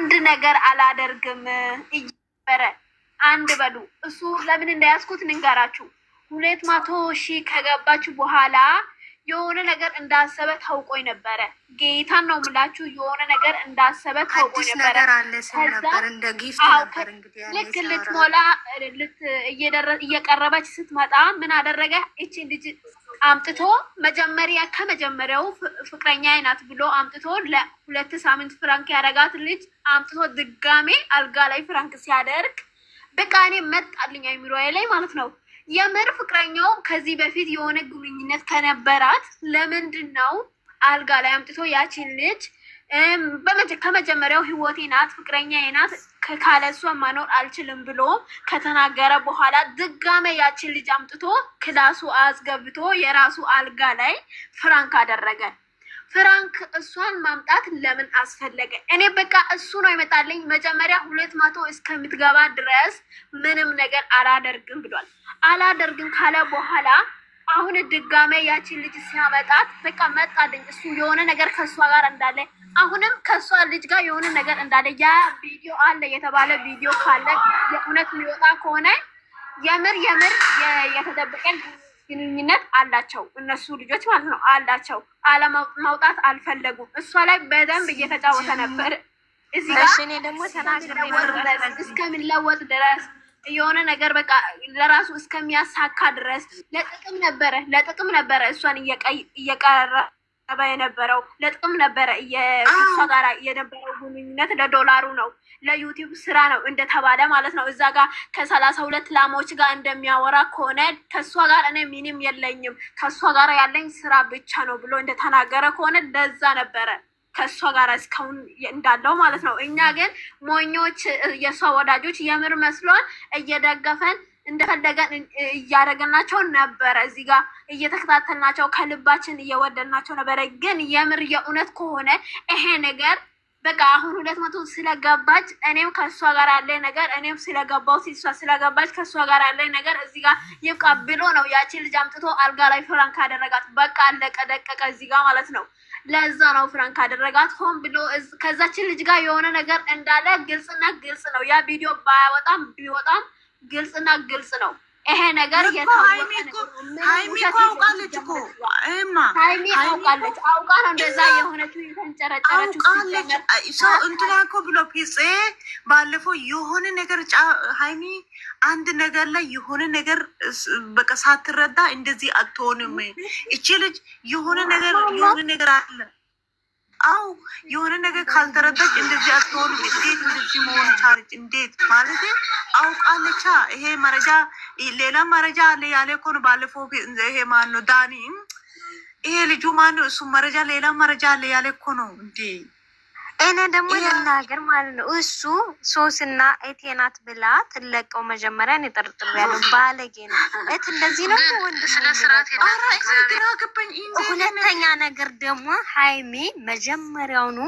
አንድ ነገር አላደርግም እየበረ አንድ በሉ። እሱ ለምን እንዳያዝኩት ንንገራችሁ። ሁለት መቶ ሺህ ከገባችሁ በኋላ የሆነ ነገር እንዳሰበ ታውቆኝ ነበረ። ጌታን ነው ምላችሁ። የሆነ ነገር እንዳሰበ ታውቆኝ ነበረ። ልክ ልትሞላ እየቀረበች ስትመጣ ምን አደረገ? እቺ ልጅ አምጥቶ መጀመሪያ ከመጀመሪያው ፍቅረኛ አይናት ብሎ አምጥቶ ለሁለት ሳምንት ፍራንክ ያደረጋት ልጅ አምጥቶ ድጋሜ አልጋ ላይ ፍራንክ ሲያደርግ በቃ እኔ መጣልኝ አይሚሮ ላይ ማለት ነው የምር ፍቅረኛው ከዚህ በፊት የሆነ ግንኙነት ከነበራት ለምንድን ነው አልጋ ላይ አምጥቶ ያችን ልጅ ከመጀመሪያው ህይወቴ ናት ፍቅረኛ ናት ካለሷ መኖር አልችልም ብሎ ከተናገረ በኋላ ድጋሜ ያችን ልጅ አምጥቶ ክላሱ አስገብቶ የራሱ አልጋ ላይ ፍራንክ አደረገ። ፍራንክ እሷን ማምጣት ለምን አስፈለገ? እኔ በቃ እሱ ነው ይመጣልኝ መጀመሪያ ሁለት መቶ እስከምትገባ ድረስ ምንም ነገር አላደርግም ብሏል። አላደርግም ካለ በኋላ አሁን ድጋሜ ያቺን ልጅ ሲያመጣት በቃ መጣልኝ እሱ የሆነ ነገር ከእሷ ጋር እንዳለ አሁንም ከእሷ ልጅ ጋር የሆነ ነገር እንዳለ ያ ቪዲዮ አለ የተባለ ቪዲዮ ካለ የእውነት የሚወጣ ከሆነ የምር የምር የተደበቀን ግንኙነት አላቸው እነሱ ልጆች ማለት ነው አላቸው። አለማውጣት አልፈለጉም። እሷ ላይ በደንብ እየተጫወተ ነበር። እዚህ ጋር እስከሚለወጥ ድረስ የሆነ ነገር በቃ ለራሱ እስከሚያሳካ ድረስ ለጥቅም ነበረ ለጥቅም ነበረ እሷን እየቀረበ የነበረው ለጥቅም ነበረ እሷ ጋር የነበረው ግንኙነት ለዶላሩ ነው። ለዩቲዩብ ስራ ነው እንደተባለ ማለት ነው። እዛ ጋር ከሰላሳ ሁለት ላሞች ጋር እንደሚያወራ ከሆነ ከእሷ ጋር እኔ ሚኒም የለኝም ከእሷ ጋር ያለኝ ስራ ብቻ ነው ብሎ እንደተናገረ ከሆነ ለዛ ነበረ ከእሷ ጋር እስካሁን እንዳለው ማለት ነው። እኛ ግን ሞኞች፣ የእሷ ወዳጆች የምር መስሎን እየደገፈን እንደፈለገን እያደረገናቸው ነበረ። እዚህ ጋር እየተከታተልናቸው ከልባችን እየወደድናቸው ነበረ። ግን የምር የእውነት ከሆነ ይሄ ነገር በቃ አሁን ሁለት መቶ ስለገባች እኔም ከእሷ ጋር ያለኝ ነገር እኔም ስለገባው ሲሷ ስለገባች ከእሷ ጋር ያለኝ ነገር እዚህ ጋር ይብቃ ብሎ ነው ያቺን ልጅ አምጥቶ አልጋ ላይ ፍራንክ ካደረጋት በቃ አለቀ ደቀቀ፣ እዚህ ጋር ማለት ነው። ለዛ ነው ፍራንክ ካደረጋት ሆን ብሎ። ከዛችን ልጅ ጋር የሆነ ነገር እንዳለ ግልጽና ግልጽ ነው። ያ ቪዲዮ ባያወጣም ቢወጣም ግልጽና ግልጽ ነው። ይሄ ነገር ሀይሚ እኮ አውቃለች እኮ ሀይሚ አውቃለች አውቃ ነው እንደዛ የሆነችው የተንጨረጨረችው። እንትና እኮ ብሎ ፒጽ ባለፈው የሆነ ነገር ሀይሚ አንድ ነገር ላይ የሆነ ነገር በቃ ሳትረዳ እንደዚህ አትሆንም። እቺ ልጅ የሆነ ነገር የሆነ ነገር አለ አዎ የሆነ ነገር ካልተረዳች እንደዚህ አትሆንም። እንዴት እንደዚህ መሆን ቻለች? እንዴት ማለት አውቃለቻ። ይሄ መረጃ ሌላ መረጃ አለ ያለ እኮ ነው። ባለፈው ይሄ ማን ነው ዳኒ፣ ይሄ ልጁ ማን ነው? እሱ መረጃ ሌላ መረጃ አለ ያለ እኮ ነው እንዴ እኔ ደግሞ ልናገር ማለት ነው። እሱ ሶስና እቴናት ብላ ትለቀው መጀመሪያን የጠርጥር ጠርጥሬያለሁ። ባለጌ ነው እት እንደዚህ ነው ወንድ። ሁለተኛ ነገር ደግሞ ሀይሚ መጀመሪያውኑ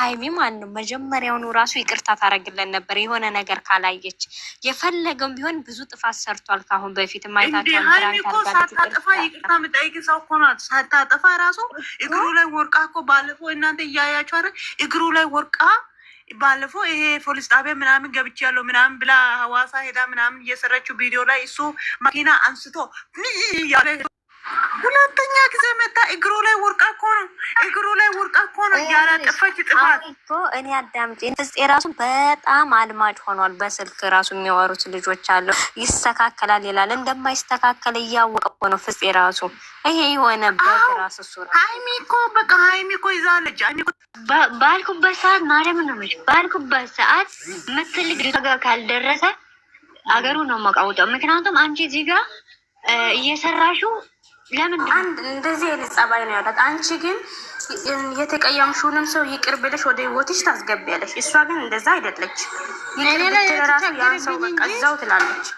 ሀይሚ ማለት ነው መጀመሪያውኑ ራሱ ይቅርታ ታደርግለን ነበር የሆነ ነገር ካላየች። የፈለገውም ቢሆን ብዙ ጥፋት ሰርቷል ካሁን በፊት ማይታቸው ሳታጠፋ ይቅርታ የምጠይቅ ሰው እኮ ናት። ሳታጠፋ ራሱ እግሩ ላይ ወርቃ እኮ ባለፈው እናንተ እያያችሁ አይደል እግሩ ላይ ወርቃ ባለፈው ይሄ ፖሊስ ጣቢያ ምናምን ገብቼ ያለው ምናምን ብላ ሀዋሳ ሄዳ ምናምን እየሰራችው ቪዲዮ ላይ እሱ መኪና አንስቶ ያለ ሁለተኛ ጊዜ መታ እግሩ ላይ ወርቃ እኮ ነው፣ እግሩ ላይ ወርቃ እኮ ነው። ያላጠፋች ጥፋት እኮ እኔ አዳምጭ ፍፄ ራሱ በጣም አልማጭ ሆኗል። በስልክ ራሱ የሚያወሩት ልጆች አሉ። ይስተካከላል ይላል፣ እንደማይስተካከል እያወቀ እኮ ነው ፍፄ ራሱ። ይሄ የሆነ በራስ እሱ ሀይሚ እኮ በቃ ሀይሚ እኮ ይዛለች። ባልኩበት ሰዓት ማርያም ነው ባልኩበት ሰዓት ምትል ጋር ካልደረሰ አገሩ ነው መቃወጣው። ምክንያቱም አንቺ እዚህ ጋ እየሰራሹ ለምን አንድ እንደዚህ አይነት ጸባይ ነው ያላት? አንቺ ግን የተቀየምሽውንም ሰው ይቅር ብለሽ ወደ ህይወትሽ ታስገቢያለሽ። እሷ ግን እንደዛ አይደለች። ይቅር ብትል እራሱ ያን ትላለች።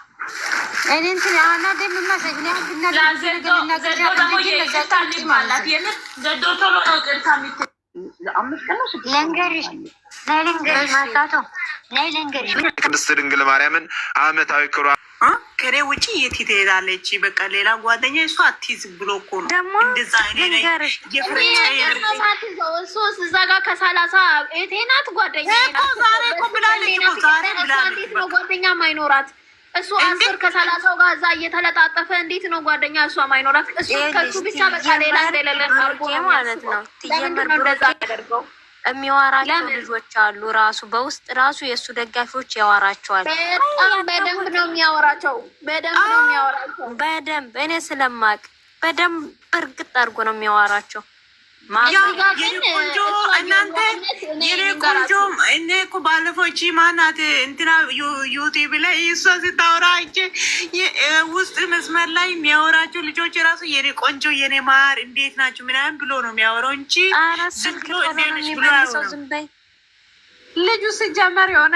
እኔ እንትን አናደም እና ከኔ ውጭ የት ትሄዳለች? በቃ ሌላ ጓደኛ እሷ አትይዝ ብሎ እኮ ነው። ደግሞ ሶስት እዛ ጋር ከሰላሳ እቴ ናት ጓደኛ ማይኖራት እሱ አስር ከሰላሳው ጋር እዛ እየተለጣጠፈ እንዴት ነው ጓደኛ እሷ ማይኖራት? እሱ ከሱ ብቻ በቃ ሌላ ሌለለን አርጎ ማለት ነው። ለምንድነው እንደዛ ያደርገው? የሚዋራቸው ልጆች አሉ። ራሱ በውስጥ ራሱ የእሱ ደጋፊዎች ያዋራቸዋል። በጣም በደንብ ነው የሚያወራቸው። በደንብ ነው የሚያወራቸው። በደንብ እኔ ስለማቅ በደንብ እርግጥ አድርጎ ነው የሚያወራቸው። ቆንጆ እናንተ የኔ ቆንጆ እኔ እኮ ባለፈው እቺ ማናት እንትና ዩቲብ ላይ እሷ ስታወራ አይቼ ውስጥ መስመር ላይ የሚያወራቸው ልጆች የራሱ የኔ ቆንጆ የኔ ማር እንዴት ናቸው ምናምን ብሎ ነው የሚያወራው እንጂ ልጁ ስጀመር የሆነ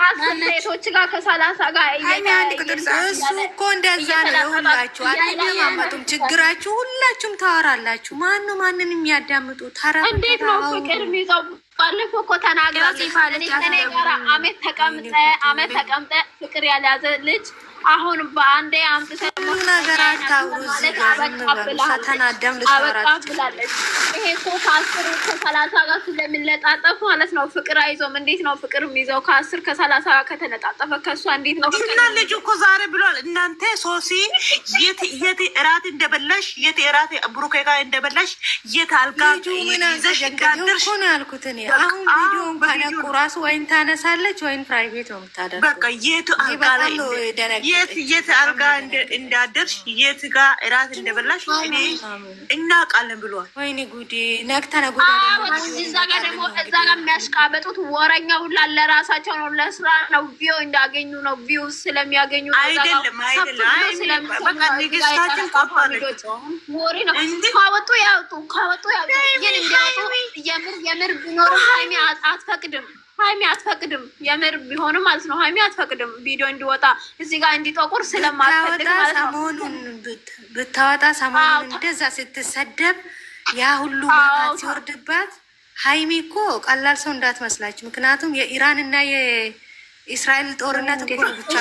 ከአስቶች ጋር ከሰላሳ ጋር አንድ ቁጥር እሱ እኮ እንደዛ ነው። ሁላችሁ አትደማመጡም። ችግራችሁ ሁላችሁም ታወራላችሁ። ማን ነው ማንን የሚያዳምጡ? ተረ እንዴት ነው ፍቅር የሚይዘው? ባለፈው እኮ ተናግራ አመት ተቀምጠ አመት ተቀምጠ ፍቅር ያልያዘ ልጅ አሁን በአንዴ አምጥተን ነገር አታውሩ ፈተና ደም ብላለች። ይሄ እኮ ከአስር ከሰላሳ ጋር ስለሚለጣጠፍ ማለት ነው። ፍቅር አይዞም እንዴት ነው ፍቅር የሚይዘው? ከአስር ከሰላሳ ጋር ከተለጣጠፈ ከእሷ እንዴት ነው? እና ልጁ እኮ ዛሬ ብሏል። እናንተ ሶሲ የት የት እራት እንደበላሽ፣ የት እራት ብሩኬ ጋር እንደበላሽ፣ የት አልጋ ይዘሽ እንዳደርሽ ያልኩት እኔ አሁን ቪዲዮ እንኳን ቁራሱ ወይን ታነሳለች ወይን ፕራይቬት ነው የምታደርገው። በቃ የቱ አልጋ ላይ የት የት አልጋ እንዳደርሽ የት ጋ እራት እንደበላሽ እኔ እናውቃለን ብሏል። ወይኔ ጉዴ ነግተነ ነጉዳ እዛ ጋ ደግሞ እዛ ጋ የሚያሽቃበጡት ወረኛ ሁላ ለራሳቸው ነው፣ ለስራ ነው፣ ቪው እንዳገኙ ነው፣ ቪው ስለሚያገኙ አይደለም። ንግስታችን ካወጡ ያውጡ፣ ካወጡ ያውጡ። ግን እንዲያውጡ የምር የምር ቢኖር አትፈቅድም ሀይሚ አትፈቅድም። የምር ቢሆንም ማለት ነው ሀይሚ አትፈቅድም። ቪዲዮ እንዲወጣ እዚህ ጋር እንዲጠቁር ስለማትፈልግ ማለት ነው። ሰሞኑን ብታወጣ ሰሞኑን እንደዛ ስትሰደብ ያ ሁሉ ማት ሲወርድባት ሀይሚ እኮ ቀላል ሰው እንዳትመስላችሁ። ምክንያቱም የኢራን እና የእስራኤል ጦርነት እኮ ብቻ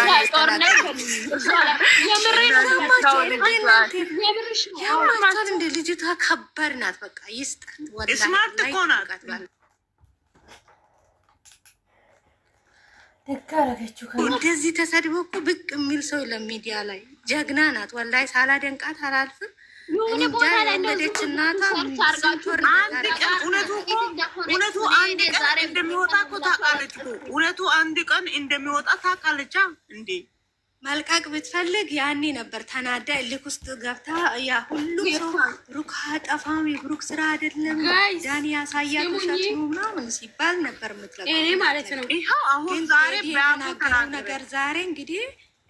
እንደ ልጅቷ ከባድ ናት። በቃ ይስጣት። እንደዚህ ተሰድቦ እኮ ብቅ የሚል ሰው ለሚዲያ ላይ ጀግና ናት። ወላሂ ሳላደንቃት አላልፍም። እውነቱ አንድ ቀን እንደሚወጣ እኮ ታውቃለች። እውነቱ አንድ ቀን እንደሚወጣ ታውቃለች እንዴ መልቀቅ ብትፈልግ ያኔ ነበር ተናዳ እልክ ውስጥ ገብታ ያ ሁሉም ሰው ብሩክ አጠፋም የብሩክ ስራ አይደለም ዳኒ ያሳያል ውሸት ነው ምናምን ሲባል ነበር የምትለቀው ነገር። ዛሬ እንግዲህ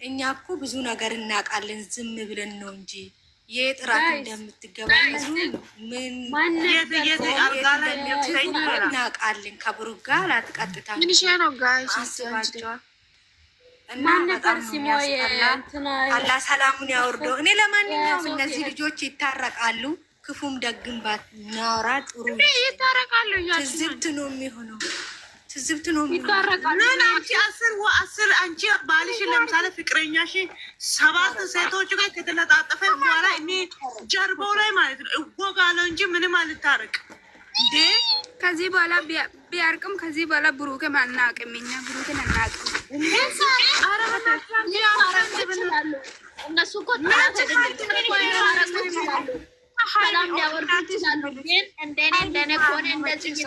እኛ እኮ ብዙ ነገር እናውቃለን፣ ዝም ብለን ነው እንጂ የጥራት እንደምትገባ ብዙ ምን እናውቃለን። ከብሩክ ጋር አትቀጥታ አስባቸዋል አላህ ሰላሙን ያወርደው። እኔ ለማንኛውም እነዚህ ልጆች ይታረቃሉ። ክፉም ደግም ባናወራ ጥሩ ይታረቃሉ። ትዝብት ነው የሚሆነው። ትዝብት ነው የሚሆነው። አስር አስር አንቺ ለምሳሌ ፍቅረኛሽ ሰባት ሴቶች ጋር ከተለጣጠፈ በኋላ እኔ ጀርባው ላይ ማለት ነው እወጋለሁ እንጂ ምንም አልታረቅ ከዚህ በኋላ ቢያርቅም ከዚህ በኋላ አናቅም፣ እኛ ብሩክን አናቅም። እነሱ እኮ ሰላም ሊያወርዱ ይችላሉ። ግን እንደኔ እንደኔ ከሆነ እንደዚህ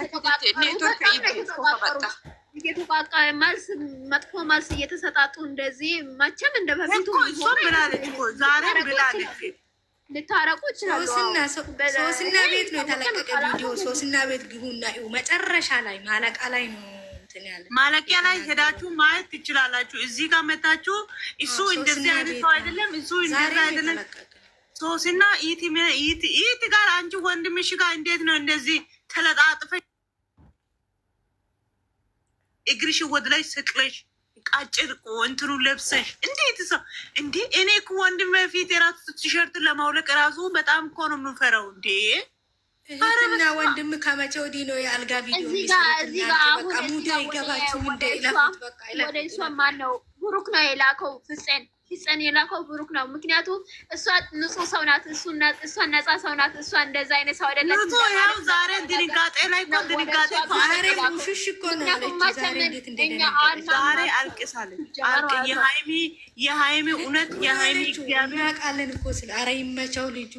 መልስ መጥፎ መልስ እየተሰጣጡ እንደዚህ መቼም እንደ በፊቱ ልታረቁ ይችላሉ። ሶስና ቤት ነው የተለቀቀ ቪዲዮ። ሶስና ቤት ግቡና መጨረሻ ላይ ማለቃ ላይ ነው ማለቂያ ላይ ሄዳችሁ ማየት ትችላላችሁ። እዚህ ጋር መታችሁ እሱ እንደዚህ አይነት ሰው አይደለም፣ እሱ እንደዚህ አይደለም። ሶስና ኢት ጋር አንቺ ወንድምሽ ጋር እንዴት ነው እንደዚህ ተለጣጥፈ እግርሽ ወደ ላይ ስቅለሽ ቃጭር እንትኑ ለብሰሽ እንዴት ሰው እንዴ! እኔ እኮ ወንድሜ ፊት የራሱ ቲሸርት ለማውለቅ ራሱ በጣም እኮ ነው የምፈራው እንዴ እህትና ወንድም ከመቼ ወዲህ ነው የአልጋ ቪዲዮ ሙዳ ብሩክ ነው የላከው ፍፄን ፍፄን የላከው ብሩክ ነው። ምክንያቱም እሷ ንጹህ ሰው ናት፣ እሷ ነፃ ሰው ናት። እሷ እንደዛ አይነት ሰው አይደለችም። ያው ዛሬ ድንጋጤ ላይ እኮ ድንጋጤ ሙሽሽ እኮ ነው አልቅሳለች። የሀይሚ የሀይሚ እውነት የሀይሚ ያቃለን እኮ ስለ አረ ይመቸው ልጁ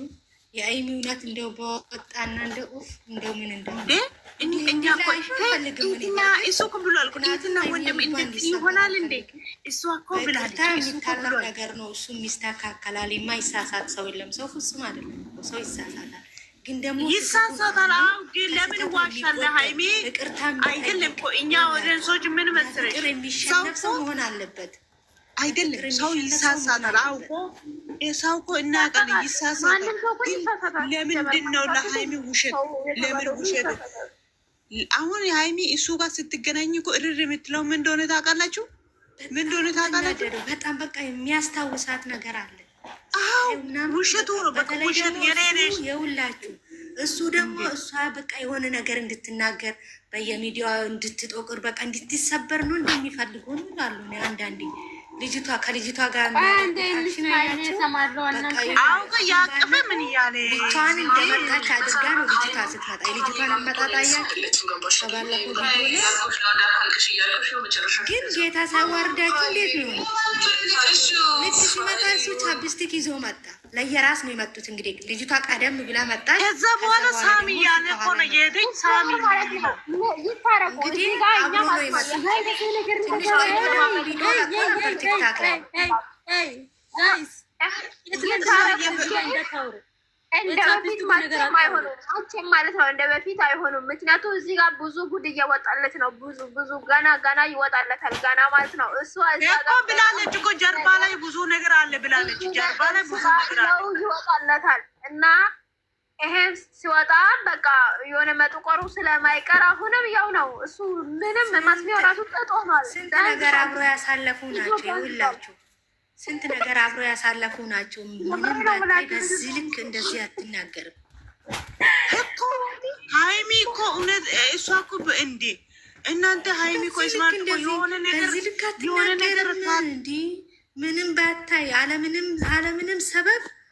የአይሚ እንደው በወጣና እንደ ኡፍ እንደው ምን እንደው እኛ እሱ እኮ ብሏል እኮ እህትና ወንድም እንደዚህ ይሆናል እንዴ? እሱ እኮ ብላለች። ነገር ነው እሱ ይስተካከላል። የማይሳሳት ሰው የለም። ሰው ፍጹም አይደለም። ሰው ይሳሳታል፣ ግን ደግሞ ይሳሳታል። አሁን ግን ለምን ዋሻለ ሀይሜ? አይደለም እኮ እኛ ወደንሶች ምን መስለሽ ሰው መሆን አለበት አይደለም ሰው ይሳሳታል። አውቆ ሰው እኮ እናቀል ይሳሳታል። ለምንድን ነው ለሀይሚ ውሸት? ለምን ውሸት? አሁን ሀይሚ እሱ ጋር ስትገናኝ እኮ እርር የምትለው ምን እንደሆነ ታውቃላችሁ? ምን እንደሆነ ታውቃላችሁ? በጣም በቃ የሚያስታውሳት ነገር አለ። አዎ ውሸት ውሸት የኔነሽ እሱ ደግሞ እሷ በቃ የሆነ ነገር እንድትናገር በየሚዲያ እንድትጦቅር በቃ እንድትሰበር ነው እንደሚፈልጉ ይላሉ አንዳንዴ ልጅቷ ከልጅቷ ጋር ምን እያለ ብቻዋን እንደመጣች አድርጋ ነው ልጅቷ ስታጣ ልጅቷን ግን ጌታ ሳዋርዳችሁ እንዴት ነው? ልጅ ሲመጣ እሱ ቻፕስቲክ ይዞ መጣ። ለየራስ ነው የመጡት። እንግዲህ ልጅቷ ቀደም ብላ መጣች። ከዛ በኋላ ሳሚ እያለ እኮ ነው የሄደኝ። ሳሚ እንግዲህ እንደ በፊት መቼም አይሆኑም። መቼም ማለት ነው እንደ በፊት አይሆኑም። ምክንያቱ እዚህ ጋር ብዙ ጉድ እየወጣለት ነው። ብዙ ብዙ ገና ገና ይወጣለታል። ገና ማለት ነው እሱ እኮ ብላለች እኮ ጀርባ ላይ ብዙ ነገር አለ ብላለች። ጀርባ ላይ ብዙ ነገር አለ ይወጣለታል እና ይሄም ሲወጣ በቃ የሆነ መጥቆሩ ስለማይቀር አሁንም ያው ነው እሱ ምንም ማስሚያ ራሱ ጠጦ ነዋል። ስንት ነገር አብሮ ያሳለፉ ናቸው ይላችሁ ስንት ነገር አብሮ ያሳለፉ ናቸው። ምንም በዚህ ልክ እንደዚህ አትናገርም እኮ ሀይሚ እኮ እውነት እሷ እኮ እንዴ እናንተ ሀይሚ እኮ ስማርት የሆነ ነገር የሆነ ነገር ምንም ባታይ አለምንም አለምንም ሰበብ